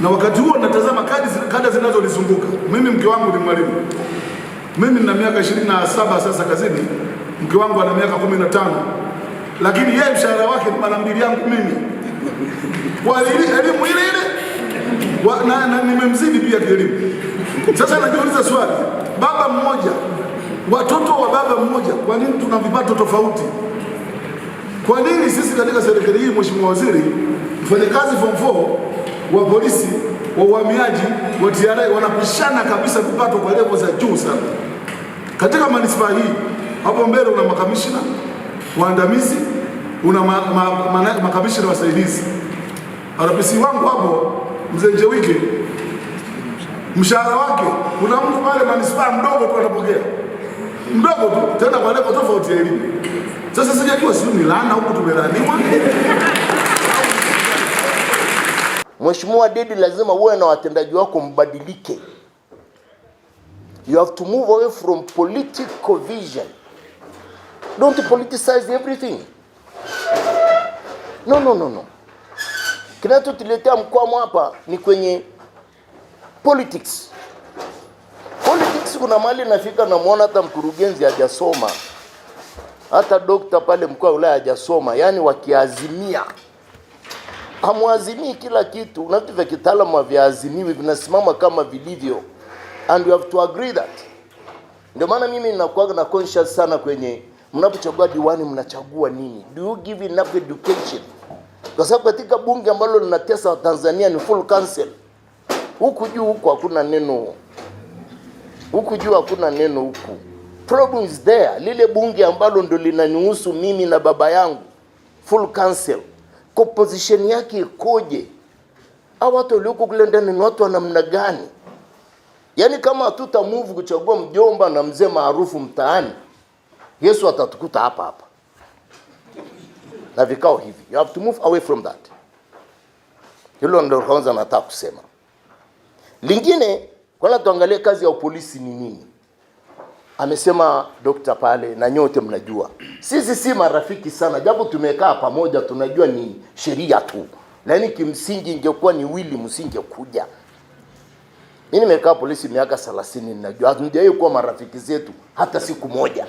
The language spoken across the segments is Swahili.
na wakati huo natazama kada zinazolizunguka. Mimi mke wangu ni mwalimu, mimi nina miaka ishirini na saba sasa kazini, mke wangu ana miaka kumi na tano lakini yeye mshahara wake ni mara mbili yangu mimi, elimu ile ile na, na nimemzidi pia kielimu. Sasa najiuliza swali, baba mmoja, watoto wa baba mmoja, kwa nini tuna vipato tofauti? Kwa nini sisi katika serikali hii, mheshimiwa waziri, mfanyakazi form 4 wa polisi wa uhamiaji wa TRA wanapishana kabisa kupatwa kwa levo za juu sana katika manispaa hii. Hapo mbele una makamishina waandamizi, una ma, ma, ma, makamishina wasaidizi. RPC wangu hapo mzee Njewike, mshahara wake kuna mtu pale manispaa mdogo tu anapokea mdogo tu, tena kwa levo tofauti ya elimu. Sasa sijajua, sio ni laana huku, tumelaniwa Mheshimiwa Dedi, lazima uwe na watendaji wako mbadilike. You have to move away from political vision. Don't politicize everything. No, no, no, no. Kinachotuletea mkwamo hapa ni kwenye politics. Politics kuna mali nafika namwona hata mkurugenzi hajasoma, hata dokta pale mkoa wa wilaya hajasoma, yaani wakiazimia hamwazimii kila kitu, na vitu vya kitaalamu haviazimiwi, vinasimama kama vilivyo, and you have to agree that. Ndio maana mimi ninakuwa na conscious sana kwenye mnapochagua diwani, mnachagua nini? Do you give enough education? Kwa sababu katika bunge ambalo linatesa wa Tanzania ni full council. Huku juu huku hakuna neno, huku juu hakuna neno huku. Problem is there, lile bunge ambalo ndo linanihusu mimi na baba yangu, full council composition yake ikoje? Au watu walioko kule ndani ni watu wa namna gani? Yaani kama hatuta move kuchagua mjomba na mzee maarufu mtaani, Yesu atatukuta hapa hapa na vikao hivi. You have to move away from that. Hilo ndio kwanza nataka kusema. Lingine, kwanza tuangalie kazi ya upolisi ni nini amesema dokta pale, na nyote mnajua sisi si marafiki sana, japo tumekaa pamoja, tunajua ni sheria tu, lakini kimsingi ingekuwa ni wili msingekuja. Mimi nimekaa polisi miaka 30, ninajua hatujawahi kuwa marafiki zetu hata siku moja.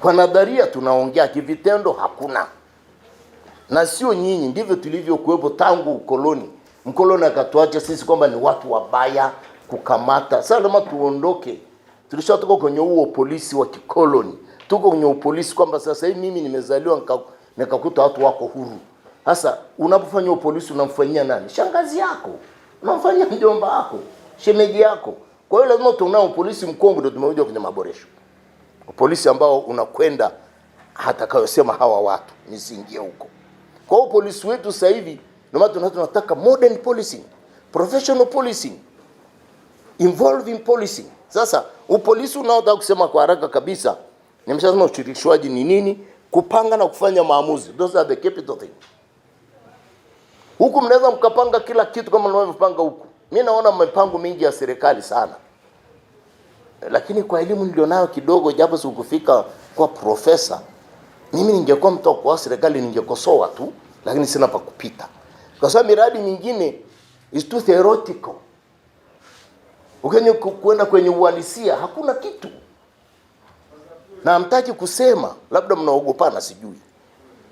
Kwa nadharia tunaongea, kivitendo hakuna. Na sio nyinyi, ndivyo tulivyokuwepo tangu ukoloni. Mkoloni akatuacha sisi kwamba ni watu wabaya kukamata. Sasa lazima tuondoke, tulishatoka kwenye huo polisi wa kikoloni, tuko kwenye upolisi kwamba sasa hivi mimi nimezaliwa nikakuta watu wako huru. Sasa unapofanya upolisi unamfanyia nani? Shangazi yako, unamfanyia mjomba wako, shemeji yako. Kwa hiyo lazima tunao polisi mkongwe, ndio tumekuja kwenye maboresho, polisi ambao unakwenda hatakayosema hawa watu nisiingie huko. Kwa hiyo polisi wetu sasa hivi ndio maana tunataka modern policing, professional policing involving policy. Sasa upolisi unaotaka kusema kwa haraka kabisa, nimeshasema ushirikishwaji ni nini? Kupanga na kufanya maamuzi, those are the capital thing. Huku mnaweza mkapanga kila kitu kama mnavyopanga huku. Mimi naona mipango mingi ya serikali sana, lakini kwa elimu nilionayo kidogo, japo sikufika kwa profesa, mimi ningekuwa mtu kwa serikali ningekosoa tu, lakini sina pa kupita, kwa sababu miradi mingine is too theoretical ukenye kuenda kwenye uhalisia hakuna kitu, na mtaki kusema, labda mnaogopana, sijui.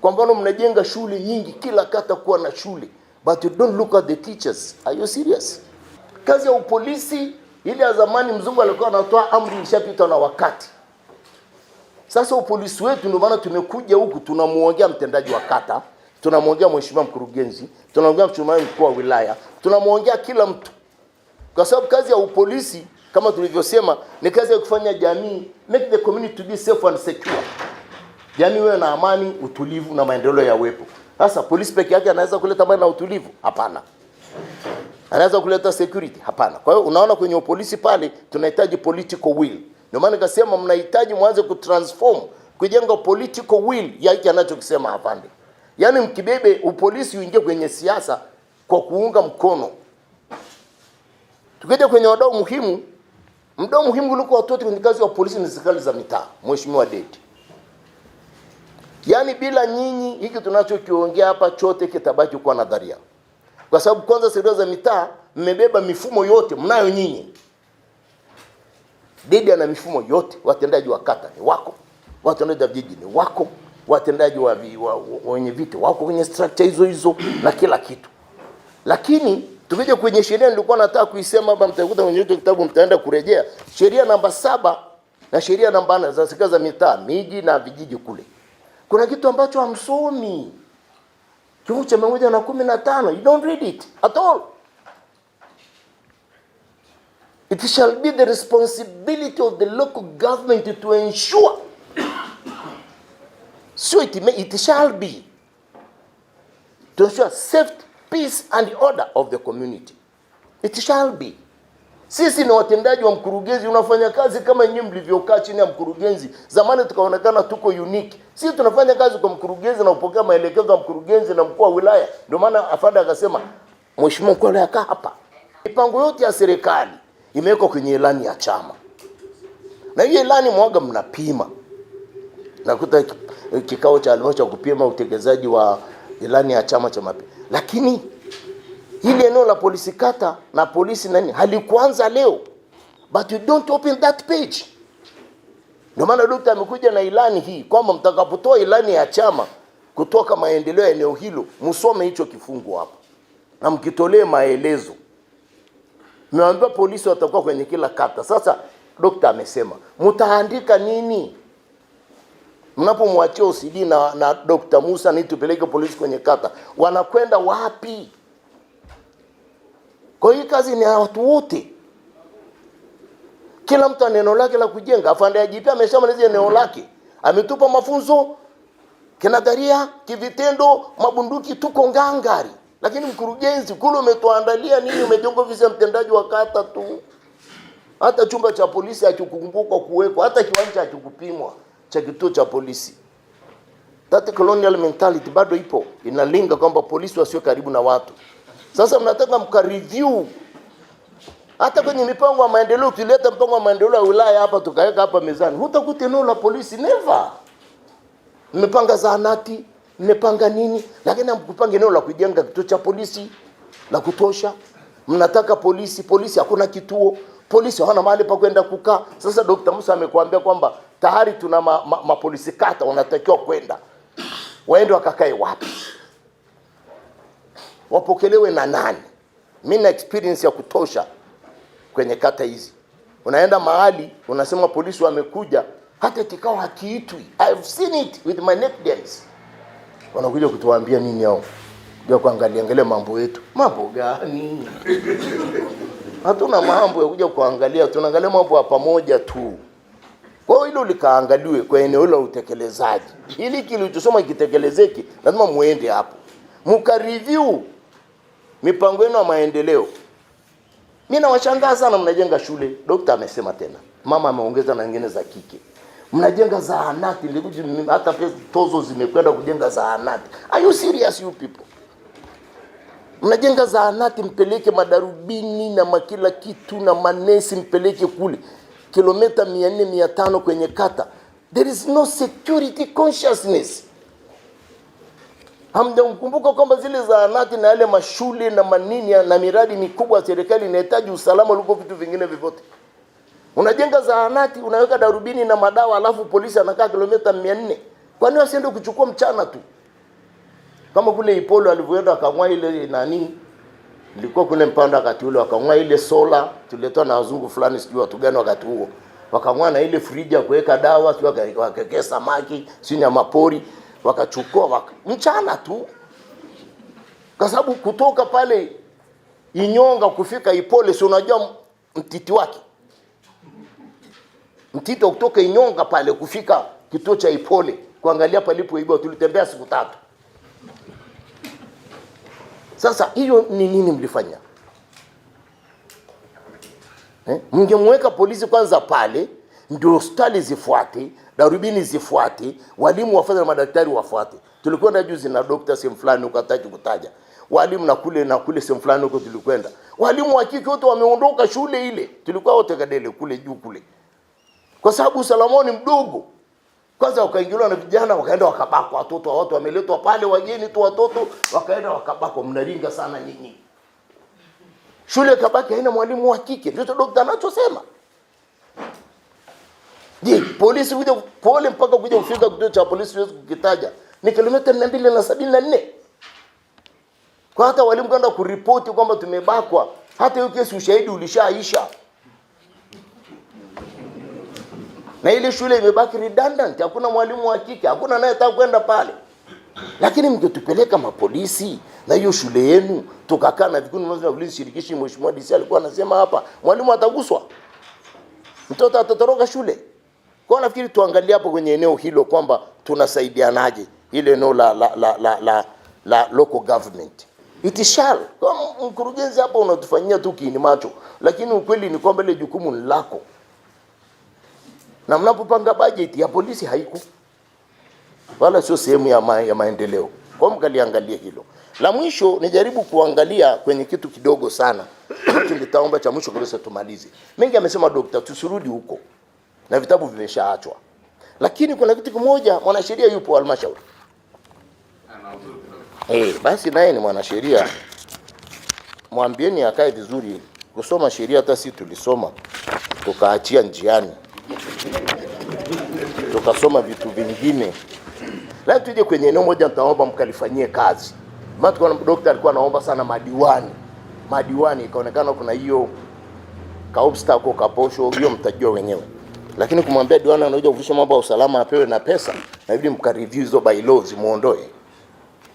Kwa mfano, mnajenga shule nyingi, kila kata kuwa na shule, but you don't look at the teachers. Are you serious? Kazi ya upolisi ile ya zamani, mzungu alikuwa anatoa amri, ishapita na wakati. Sasa upolisi wetu, ndio maana tumekuja huku, tunamwongea mtendaji wa kata, tunamwongea mheshimiwa mkurugenzi, tunamwongea mchungaji mkuu wa wilaya, tunamwongea kila mtu kwa sababu kazi ya upolisi kama tulivyosema ni kazi ya kufanya jamii, make the community to be safe and secure, jamii wewe na amani, utulivu na maendeleo yawepo. Sasa polisi peke yake anaweza kuleta amani na utulivu? Hapana. Anaweza kuleta security? Hapana. Kwa hiyo unaona, kwenye upolisi pale tunahitaji political will. Ndio maana nikasema mnahitaji mwanze kutransform, kujenga political will ya hiki anachokisema afande. Yaani mkibebe upolisi uingie kwenye siasa kwa kuunga mkono Tukija kwenye wadau muhimu, mdau muhimu kuliko watu wote kwenye kazi ya polisi na serikali za mitaa, Mheshimiwa Dede. Yaani bila nyinyi hiki tunachokiongea hapa chote kitabaki kuwa nadharia. Kwa sababu kwanza serikali za mitaa mmebeba mifumo yote mnayo nyinyi. Dede ana mifumo yote, watendaji wa kata ni wako, watendaji wa vijiji ni wako, watendaji wa wenye viti wako kwenye structure hizo hizo na kila kitu. Lakini Tukija kwenye sheria nilikuwa nataka kuisema hapa, mtakuta kwenye hicho kitabu, mtaenda kurejea sheria namba saba na sheria namba nane za serikali za mitaa, miji na vijiji. Kule kuna kitu ambacho hamsomi, kifungu cha mia moja na kumi na tano. You don't read it at all. It shall be the responsibility of the local government to ensure so it may, it shall be to ensure safety peace and order of the community. It shall be. Sisi ni watendaji wa mkurugenzi, unafanya kazi kama nyinyi mlivyokaa chini ya mkurugenzi. Zamani tukaonekana tuko unique. Sisi tunafanya kazi kwa mkurugenzi na upokea maelekezo ya mkurugenzi na mkuu wa wilaya. Ndio maana afada akasema, Mheshimiwa mkuu akaa hapa. Mipango yote ya serikali imewekwa kwenye ilani ya chama. Na hiyo ilani mwaga mnapima. Nakuta kikao cha halmashauri cha kupima utekelezaji wa ilani ya Chama cha Mapinduzi lakini hili eneo la polisi kata na polisi nani halikuanza leo, but you don't open that page. Ndio maana dokta amekuja na ilani hii kwamba mtakapotoa ilani ya chama kutoka maendeleo ya eneo hilo, msome hicho kifungu hapa na mkitolee maelezo. Mmeambiwa polisi watakuwa kwenye kila kata. Sasa dokta amesema mtaandika nini? mnapomwachia OCD na, na Dr. Musa ni tupeleke polisi kwenye kata, wanakwenda wapi? Kwa hii kazi ni ya watu wote, kila mtu ana neno lake la kujenga. Afande IGP ameshamaliza eneo lake, ametupa mafunzo kinadharia, kivitendo, mabunduki, tuko ngangari. Lakini mkurugenzi kule umetuandalia nini? Umejenga ofisi ya mtendaji wa kata tu, hata chumba cha polisi hakikukumbukwa kuwekwa, hata kiwanja hakikupimwa cha kituo cha polisi. That colonial mentality bado ipo, inalinga kwamba polisi wasio karibu na watu. Sasa mnataka mkareview hata kwenye mipango ya maendeleo. tulileta mpango wa maendeleo ya wilaya hapa tukaweka hapa mezani, hutakuta eneo la polisi never. Mmepanga zahanati, mmepanga nini, lakini hamkupanga eneo la kujenga kituo cha polisi la kutosha. Mnataka polisi, polisi hakuna kituo polisi hawana mahali pa kwenda kukaa. Sasa Dr. Musa amekuambia kwamba tayari tuna mapolisi ma, ma, kata wanatakiwa kwenda waende wakakae wapi, wapokelewe na nani? Mi na experience ya kutosha kwenye kata hizi. Unaenda mahali unasema polisi wamekuja, hata kikao hakiitwi. I have seen it with my nephews. Wanakuja kutuambia nini hao? Kuja kuangalia angalia mambo yetu, mambo gani? hatuna mambo ya kuja kuangalia, tunaangalia mambo ya pamoja tu. Kwa hiyo hilo likaangaliwe kwa eneo la utekelezaji, ili kilichosoma kitekelezeke, lazima muende hapo mkareview mipango yenu ya maendeleo. Mimi nawashangaa sana, mnajenga shule, dokta amesema tena, mama ameongeza na nyingine za kike, mnajenga zahanati, hata tozo zimekwenda kujenga zahanati. Are you serious you people? mnajenga zahanati, mpeleke madarubini na makila kitu na manesi, mpeleke kule kilomita 400 500 kwenye kata. There is no security consciousness. Hamjamkumbuka kwamba zile zahanati na yale mashule na manini na miradi mikubwa ya serikali inahitaji usalama kuliko vitu vingine vyovyote. Unajenga zahanati, unaweka darubini na madawa, alafu polisi anakaa kilomita 400. Kwani wasiende kuchukua mchana tu? Kama kule Ipolo alivyoenda akang'oa ile nani, nilikuwa kule Mpanda wakati ule, wakang'wa ile sola tuletwa na wazungu fulani, sijui watu gani wakati huo, wakang'wa na ile friji ya kuweka dawa, sijui wakawekea samaki, sijui nyama pori, wakachukua waka, mchana tu, kwa sababu kutoka pale Inyonga kufika Ipole, si unajua mtiti wake mtito kutoka Inyonga pale kufika kituo cha Ipole kuangalia palipoibwa, tulitembea siku tatu. Sasa hiyo ni nini mlifanya eh? Mngemweka polisi kwanza pale, ndio hospitali zifuate, darubini zifuate, walimu wafanye na madaktari wafuate. Tulikwenda juzi na dokta sehemu fulani huko, kutaja walimu na kule na kule sehemu fulani huko tulikwenda, walimu wa kike wote wameondoka shule ile, tulikuwa wote kadele kule juu kule, kwa sababu usalama ni mdogo kwanza wakaingiliwa na vijana, wakaenda wakabakwa watoto wa watu, wameletwa pale wageni tu watoto, wakaenda wakabakwa. Mnaringa sana nyinyi, shule kabaki haina mwalimu wa kike, Ndio dokta anachosema. Je, polisi kuja pole mpaka kuja kufika kituo cha polisi siwezi kukitaja, ni kilomita mia mbili na sabini na nne kwa hata walimu kwenda kuripoti kwamba tumebakwa, hata hiyo kesi ushahidi ulishaisha. na ile shule imebaki redundant, hakuna mwalimu wa kike, hakuna anayetaka kwenda pale. Lakini mngetupeleka mapolisi na hiyo shule yenu, tukakaa na vikundi vya polisi shirikishi. Mheshimiwa DC alikuwa anasema hapa, mwalimu ataguswa, mtoto atatoroka shule. Kwa nafikiri tuangalie hapo kwenye eneo hilo kwamba tunasaidianaje ile eneo la la, la, la, la, la local government it shall. Kwa mkurugenzi hapa unatufanyia tu kiini macho, lakini ukweli ni kwamba ile jukumu ni lako na mnapopanga bajeti ya polisi haiku wala sio sehemu ya, ma, ya maendeleo. Kwa mkaliangalia hilo. La mwisho nijaribu kuangalia kwenye kitu kidogo sana hicho nitaomba cha mwisho kabisa tumalize. Mengi amesema dokta, tusirudi huko na vitabu vimeshaachwa, lakini kuna kitu kimoja, mwanasheria yupo halmashauri eh, basi naye ni mwanasheria, mwambieni akae vizuri kusoma sheria. Hata si tulisoma tukaachia njiani tukasoma vitu vingine, lakini tuje kwenye eneo moja, nitaomba mkalifanyie kazi. Maana tukaona daktari alikuwa anaomba sana madiwani, madiwani ikaonekana kuna hiyo kaobsta huko kaposho, hiyo mtajua wenyewe, lakini kumwambia diwani anakuja kufisha mambo ya usalama apewe na pesa, na ibidi mkareview hizo bylaws muondoe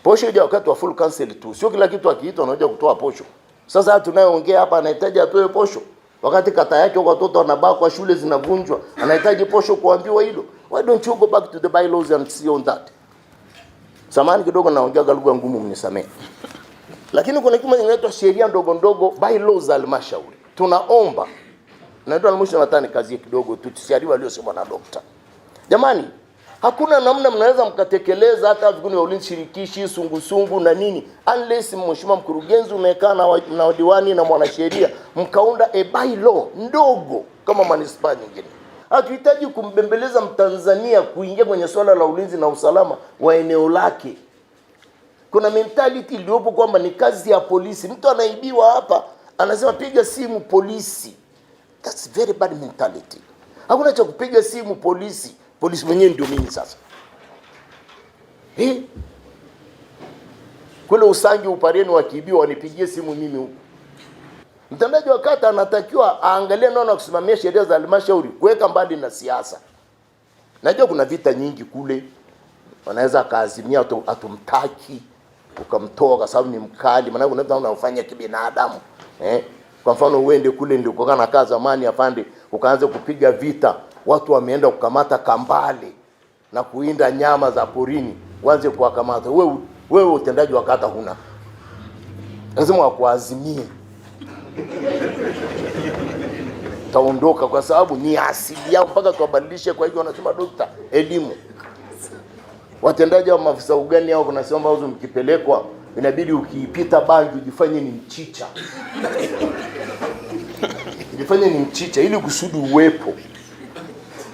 posho hiyo wakati wa full council tu, sio kila kitu akiitwa anakuja kutoa posho. Sasa tunayeongea hapa anahitaji atoe posho wakati kata yake watoto wanabakwa, shule zinavunjwa, anahitaji posho kuambiwa hilo. Why don't you go back to the bylaws and see on that? Samani kidogo naongea lugha ngumu, mnisamee. Lakini kuna kitu inaitwa sheria ndogo ndogo, bylaws halmashauri. Tunaomba na ndio halmashauri, nadhani kazi kidogo tu, tusiaribu aliyosemwa na dokta, jamani hakuna namna mnaweza mkatekeleza hata vikundi vya ulinzi shirikishi sungusungu na nini, unless mheshimiwa mkurugenzi umekaa na diwani na mwanasheria mkaunda a bylaw ndogo kama manispaa nyingine. Hatuhitaji kumbembeleza mtanzania kuingia kwenye swala la ulinzi na usalama wa eneo lake. Kuna mentality iliyopo kwamba ni kazi ya polisi. Mtu anaibiwa hapa, anasema piga simu polisi. That's very bad mentality. Hakuna cha kupiga simu polisi. Polisi wenyewe ndio mimi sasa eh? Kule Usangi Upareni wakiibiwa wanipigie simu mimi huko. Mtendaji wa kata anatakiwa aangalie na kusimamia sheria za halmashauri, kuweka mbali na siasa. Najua kuna vita nyingi kule, wanaweza akaazimia atumtaki ukamtoa kwa sababu ni mkali, maana kuna unafanya kibinadamu eh? Kwa mfano uende kule ndio kwa kana kaza zamani afande, ukaanze kupiga vita watu wameenda kukamata kambale na kuinda nyama za porini, wanze kuwakamata. Wewe wewe utendaji wa kata huna, lazima wakuazimie taondoka, kwa sababu ni asili yao mpaka tuwabadilishe. Kwa hivyo wanasema dokta elimu, watendaji wa maafisa ugani hao, kuna sehemu ambazo mkipelekwa inabidi ukiipita bangi ujifanye ni mchicha ujifanye ni mchicha ili kusudi uwepo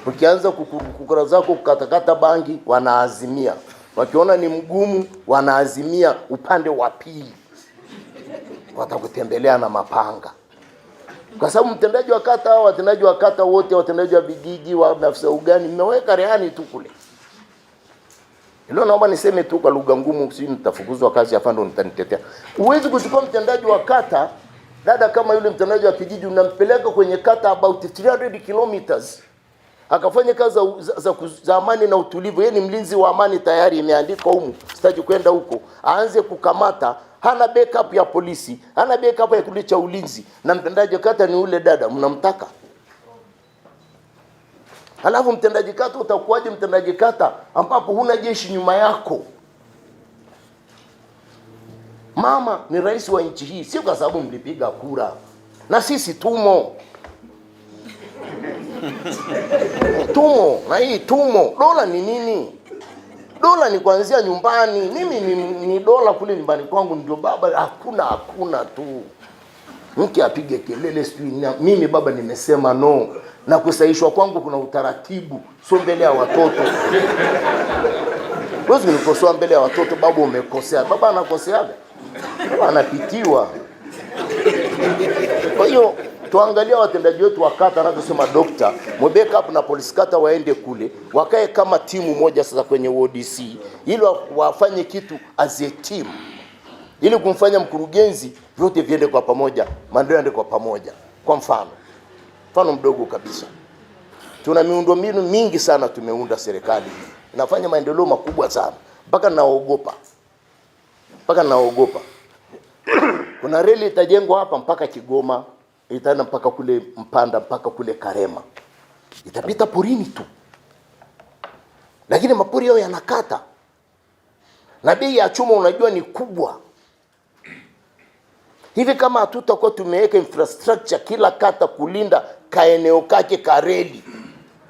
Ukianza kukura zako kukatakata bangi, wanaazimia. Wakiona ni mgumu, wanaazimia upande wa pili, watakutembelea na mapanga, kwa sababu mtendaji wa kata, watendaji wa kata wote, watendaji wa vijiji, wa maafisa ugani, mmeweka rehani tu kule. Hilo naomba niseme tu kwa lugha ngumu, si nitafukuzwa kazi hapa, nitanitetea. Huwezi kuchukua mtendaji wa kata dada kama yule mtendaji wa kijiji unampeleka kwenye kata about 300 kilometers akafanya kazi za, za, za amani na utulivu. Yeye ni mlinzi wa amani tayari, imeandikwa humu, sitaki kwenda huko. Aanze kukamata, hana backup ya polisi, hana backup ya kule cha ulinzi, na mtendaji kata ni ule dada mnamtaka. Halafu mtendaji kata utakuwaje mtendaji kata ambapo huna jeshi nyuma yako? Mama ni rais wa nchi hii, sio kwa sababu mlipiga kura, na sisi tumo tumo na hii tumo. Dola ni nini? Dola ni kuanzia nyumbani. Mimi ni, ni dola kule nyumbani kwangu ndio baba, hakuna hakuna tu mke apige kelele sijui. Mimi baba nimesema no, na kusaishwa kwangu kuna utaratibu, sio mbele ya watoto Wezi unikosoa mbele ya watoto, baba umekosea. Baba anakoseaga, anapitiwa. Kwa hiyo tuangalia watendaji wetu wa kata anavyosema dokta hapo na polisi kata waende kule wakae kama timu moja sasa kwenye ODC ili wafanye kitu as a team ili kumfanya mkurugenzi, vyote viende kwa pamoja, maendeleo yaende kwa pamoja. Kwa mfano, mfano mdogo kabisa, tuna miundombinu mingi sana tumeunda, serikali inafanya maendeleo makubwa sana mpaka naogopa, mpaka naogopa. Kuna reli itajengwa hapa mpaka Kigoma itaenda mpaka kule Mpanda mpaka kule Karema, itapita porini tu, lakini mapori yao yanakata na bei ya chuma unajua ni kubwa hivi. Kama hatutakuwa tumeweka infrastructure kila kata kulinda kaeneo kake ka reli,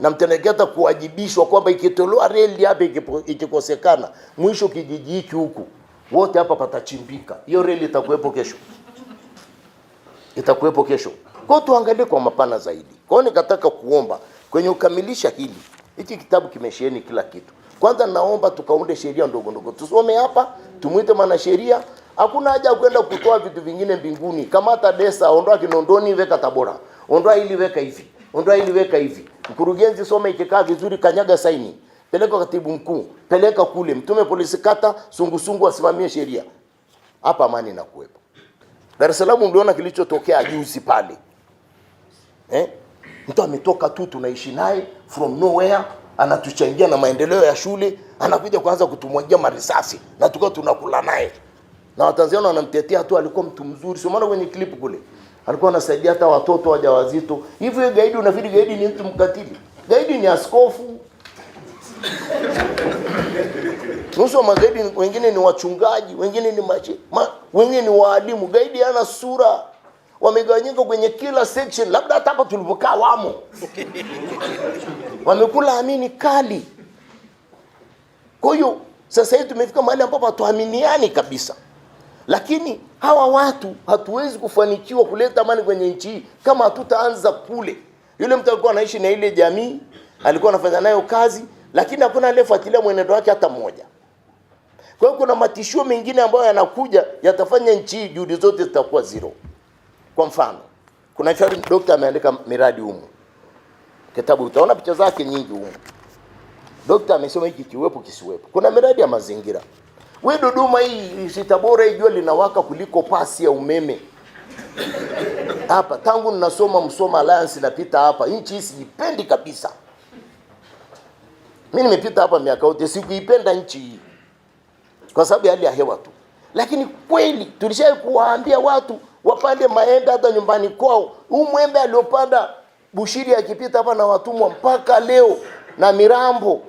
na mteneketa kuwajibishwa kwamba ikitolewa reli hapa ikikosekana, mwisho kijiji hiki huku wote hapa patachimbika. Hiyo reli itakuwepo kesho itakuwepo kesho. Kwa hiyo tuangalie kwa mapana zaidi. Kwa hiyo nikataka kuomba kwenye ukamilisha hili, hiki kitabu kimesheheni kila kitu. Kwanza naomba tukaunde sheria ndogo ndogo, tusome hapa, tumwite mwanasheria. Hakuna haja kwenda kutoa vitu vingine mbinguni. Kamata desa, ondoa Kinondoni, weka Tabora, ondoa ili, weka hivi, ondoa ili, weka hivi. Mkurugenzi soma, ikikaa vizuri, kanyaga saini, peleka katibu mkuu, peleka kule, mtume polisi kata, sungusungu asimamie sheria. Hapa amani na kuwepo. Dar es Salaam mliona kilichotokea juzi pale eh? Mtu ametoka tu tunaishi naye from nowhere, anatuchangia na maendeleo ya shule, anakuja kuanza kutumwagia marisasi na tukao tunakula naye na Watanzania wanamtetea tu, alikuwa mtu mzuri. Sio maana kwenye clip kule alikuwa anasaidia hata watoto wajawazito. Hivyo gaidi, unafikiri gaidi ni mtu mkatili? Gaidi ni askofu nusu wa magaidi wengine ni wachungaji, wengine ni machi ma, wengine ni waalimu. Gaidi ana sura, wamegawanyika kwenye kila section, labda hata hapa tulipokaa wamo wamekula amini kali. Kwa hiyo sasa hivi tumefika mahali ambapo hatuaminiani kabisa, lakini hawa watu hatuwezi kufanikiwa kuleta amani kwenye nchi hii kama hatutaanza kule. Yule mtu alikuwa anaishi na ile jamii, alikuwa anafanya nayo kazi, lakini hakuna aliyefuatilia mwenendo wake hata mmoja. Kwa hiyo kuna matishio mengine ambayo yanakuja yatafanya nchi hii juhudi zote zitakuwa zero. Kwa mfano, kuna shauri daktari ameandika miradi humu kitabu, utaona picha zake nyingi humu. Daktari amesema hiki kiwepo kisiwepo. Kuna miradi ya mazingira, we Dodoma hii Sitabora hii jua linawaka kuliko pasi ya umeme hapa tangu ninasoma Msoma Alliance napita hapa, nchi hii sijipendi kabisa. Mimi nimepita hapa miaka yote, sikuipenda nchi hii kwa sababu ya hali ya hewa tu, lakini kweli tulishawahi kuwaambia watu wapande maembe hata nyumbani kwao. Huu mwembe aliopanda Bushiri akipita hapa na watumwa mpaka leo na Mirambo,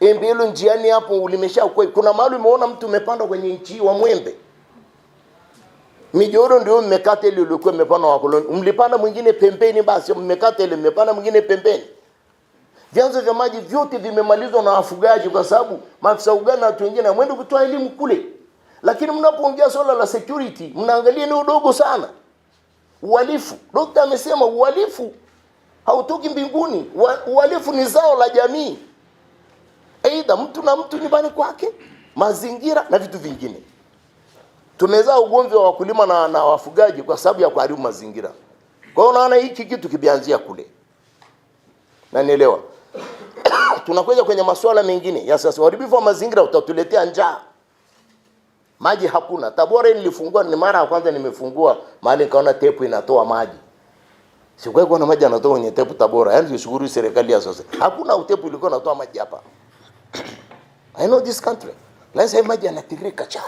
embe hilo njiani hapo ulimesha kweli. Kuna mahali umeona mtu umepanda kwenye nchi wa mwembe Mijoro ndio mmekata ile iliyokuwa imepanda wa Mlipanda mwingine pembeni basi mmekata ile mmepanda mwingine pembeni. Vyanzo vya maji vyote vimemalizwa na wafugaji, kwa sababu maafisa ugani na watu wengine amwende kutoa elimu kule. Lakini mnapoongea swala la security, mnaangalia eneo dogo sana. Uhalifu, dokta amesema uhalifu hautoki mbinguni. Uhalifu ni zao la jamii, aidha mtu na mtu nyumbani kwake, mazingira na vitu vingine. Tumezaa ugomvi wa wakulima na, na wafugaji kwa sababu ya kuharibu mazingira. Kwa hiyo unaona hiki kitu kibianzia kule, nanielewa. tunakuja kwenye masuala mengine ya sasa. Uharibifu wa mazingira utatuletea njaa, maji hakuna. Tabora nilifungua, ni mara ya kwanza nimefungua mahali nikaona tepu inatoa maji, sikuwa kuna maji yanatoka kwenye tepu Tabora. Yani nishukuru serikali ya sasa, hakuna utepu ulikuwa unatoa maji hapa. I know this country, Let's say maji yanatiririka cha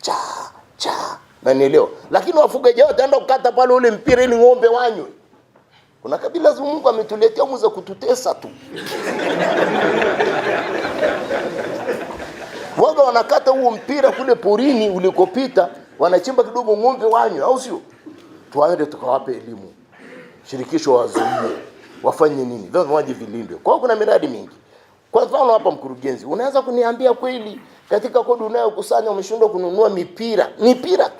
cha cha, na nielewa, lakini wafugaji wote wataenda kukata pale ule mpira ili ng'ombe wanywe kuna kabila za Mungu ametuletea umu za kututesa tu waga wanakata huo mpira kule porini ulikopita, wanachimba kidogo ng'ombe wanywe, au sio? Tuwaende tukawape elimu, shirikisho wazuie wafanye nini, vinywaji vilindwe. Kwa kuna miradi mingi. Kwa mfano hapa, mkurugenzi, unaweza kuniambia kweli katika kodi unayokusanya umeshindwa kununua mipira mipira tu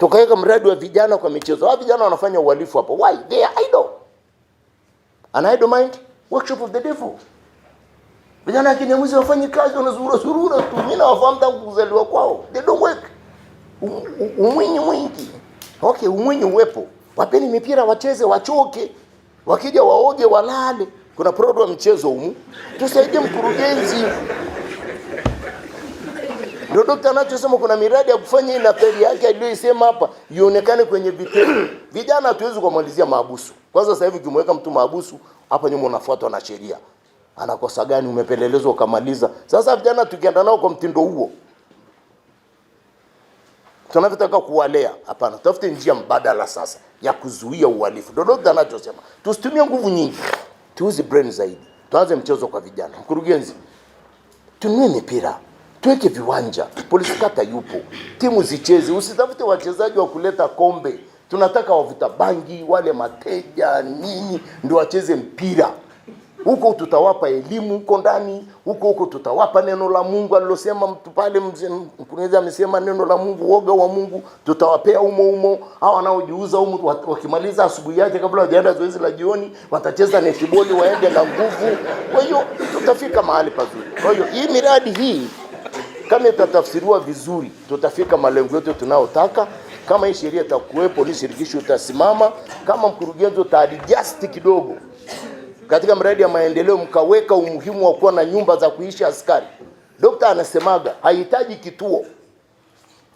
tukaweka mradi wa vijana kwa michezo. Hao vijana wanafanya uhalifu hapo. Why? They are idle. An idle mind workshop of the devil. Vijana wa Kinyamuzi wafanye kazi, wanazurura zurura tu. Mimi nawafahamu tangu kuzaliwa kwao. They don't work. Umwinyi mwingi. Okay, umwinyi uwepo. Wapeni mipira wacheze, wachoke. Wakija waoge, walale. Kuna program mchezo humu. Tusaidie mkurugenzi ndio dokta anachosema kuna miradi ya kufanya ina peri yake aliyoisema hapa ionekane kwenye vitendo. Vijana hatuwezi kumalizia maabusu. Kwanza sasa hivi ukimweka mtu maabusu hapa nyuma unafuatwa na sheria. Anakosa gani umepelelezwa ukamaliza. Sasa vijana tukienda nao kwa mtindo huo tunavyotaka kuwalea, hapana, tafute njia mbadala sasa ya kuzuia uhalifu. Ndio dokta anachosema. Tusitumie nguvu nyingi. Tuuze brain zaidi. Tuanze mchezo kwa vijana. Mkurugenzi, tununue mipira Tuweke viwanja, polisi kata yupo, timu zicheze, usitafute wachezaji wa kuleta kombe. Tunataka wavuta bangi, wale mateja nini, ndio wacheze mpira huko. Tutawapa elimu huko ndani, huko huko tutawapa neno la Mungu alilosema mtu pale, mkurugenzi amesema neno la Mungu, woga wa Mungu tutawapea umo umo. Hao wanaojiuza umo wakimaliza asubuhi yake, kabla hawajaenda zoezi la jioni, watacheza netiboli, waende na nguvu. Kwa hiyo tutafika mahali pazuri. Kwa hiyo hii miradi hii kama itatafsiriwa vizuri, tutafika malengo yote tunayotaka. Kama hii sheria itakuwepo, ni shirikisho utasimama. Kama mkurugenzi utaadjust kidogo katika mradi ya maendeleo, mkaweka umuhimu wa kuwa na nyumba za kuishi askari. Dokta anasemaga hahitaji kituo,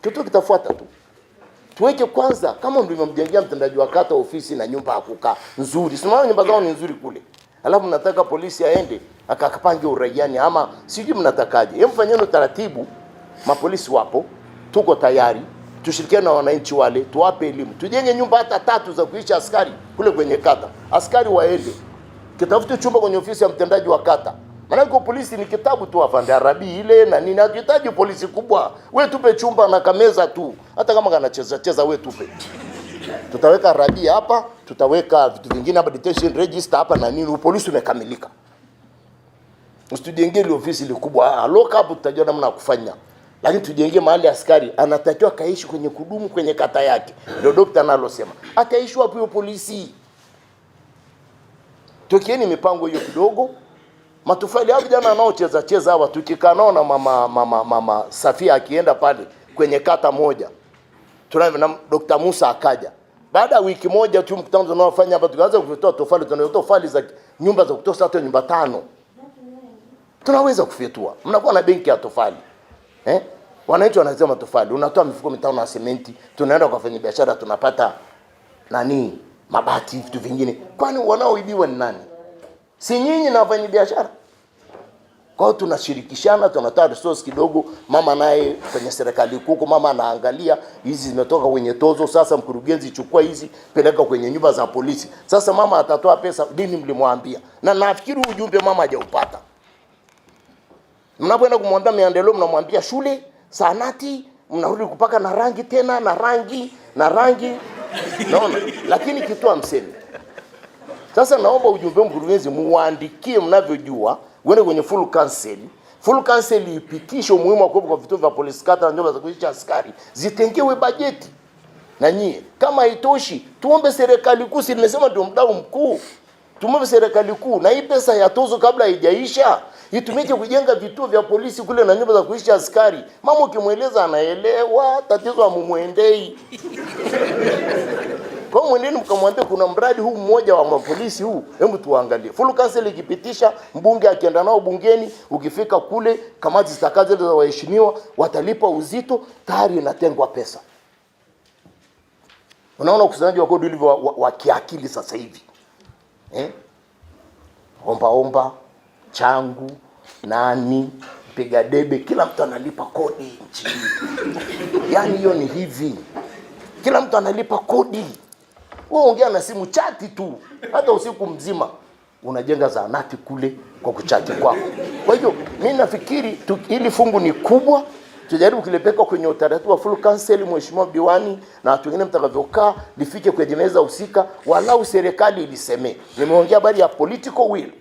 kituo kitafuata tu. Tuweke kwanza, kama ndio umemjengea mtendaji wa kata ofisi na nyumba ya kukaa nzuri, simama, nyumba zao ni nzuri kule, alafu nataka polisi aende akapange uraiani ama sijui mnatakaje. Hem, fanyeni utaratibu, mapolisi wapo, tuko tayari, tushirikiane na wananchi wale, tuwape elimu, tujenge nyumba hata tatu za kuishi askari kule kwenye kata. Askari waende kitafute chumba kwenye ofisi ya mtendaji wa kata, maanake polisi ni kitabu tu, afande arabi ile na nini. Hatuhitaji polisi kubwa, we tupe chumba na kameza tu, hata kama kanacheza cheza, we tupe tutaweka radia hapa, tutaweka vitu vingine hapa, detention register hapa na nini, upolisi umekamilika msitujengee ile ofisi ile kubwa. Ah, lock up tutajua namna kufanya. Lakini tujengee mahali askari anatakiwa kaishi kwenye kudumu kwenye kata yake. Ndio dokta analosema. ataishi wapi huyo polisi? Tokieni mipango hiyo kidogo. matofali hapo jana anaocheza cheza hawa tukikaa nao na mama mama mama Safia akienda pale kwenye kata moja. Tunaye na Dr. Musa akaja. Baada ya wiki moja tu mkutano tunaofanya hapa tukaanza kutoa tofali tunayotoa tofali za nyumba za kutosha hata nyumba tano tunaweza kufyatua. Mnakuwa na benki ya tofali eh? Wananchi wanasema matofali, unatoa mifuko mitano ya sementi, tunaenda kwa fanya biashara tunapata nani, mabati, vitu vingine. Kwani wanaoibiwa ni nani? Si nyinyi na wafanya biashara? Kwa hiyo tunashirikishana, tunatoa resource kidogo, mama naye kwenye serikali kuko, mama anaangalia hizi zimetoka kwenye tozo. Sasa mkurugenzi, chukua hizi peleka kwenye nyumba za polisi. Sasa mama atatoa pesa, dini mlimwambia, na nafikiri ujumbe mama hajaupata. Mnapoenda kumwambia maendeleo, mnamwambia shule, sanati, mnarudi kupaka na rangi tena na rangi na rangi naona, lakini kitu amsemi. Sasa naomba ujumbe mkurugenzi muandikie mnavyojua, uende kwenye full council. Full council ipitishe umuhimu wa kuwepo kwa vituo vya polisi kata na nyumba za kuishi askari, zitengewe bajeti. Na nyie kama haitoshi, tuombe serikali kuu, si nimesema ndio mdau mkuu tumombe serikali kuu na hii pesa ya tozo kabla haijaisha itumike kujenga vituo vya polisi kule na nyumba za kuishi askari. Mama ukimweleza anaelewa, tatizo amumwendei. Kwa mwendeni mkamwambia kuna mradi huu mmoja wa mapolisi huu, hebu tuangalie. Full council ikipitisha, mbunge akienda nao bungeni, ukifika kule kamati zitakazo za waheshimiwa watalipa uzito, tayari inatengwa pesa. Unaona ukusanyaji wa kodi ulivyo wa, wa, wa kiakili sasa hivi eh? Ombaomba changu nani piga debe, kila mtu analipa kodi nchini yaani hiyo ni hivi, kila mtu analipa kodi. Wewe ongea na simu, chati tu, hata usiku mzima unajenga zaanati kule kwa kuchati kwako. Kwa hiyo mi nafikiri ili fungu ni kubwa tujaribu kilepeka kwenye utaratibu wa full council, mheshimiwa diwani na watu wengine mtakavyokaa, lifike kwenye meza husika, walau serikali ilisemee. Nimeongea habari ya political will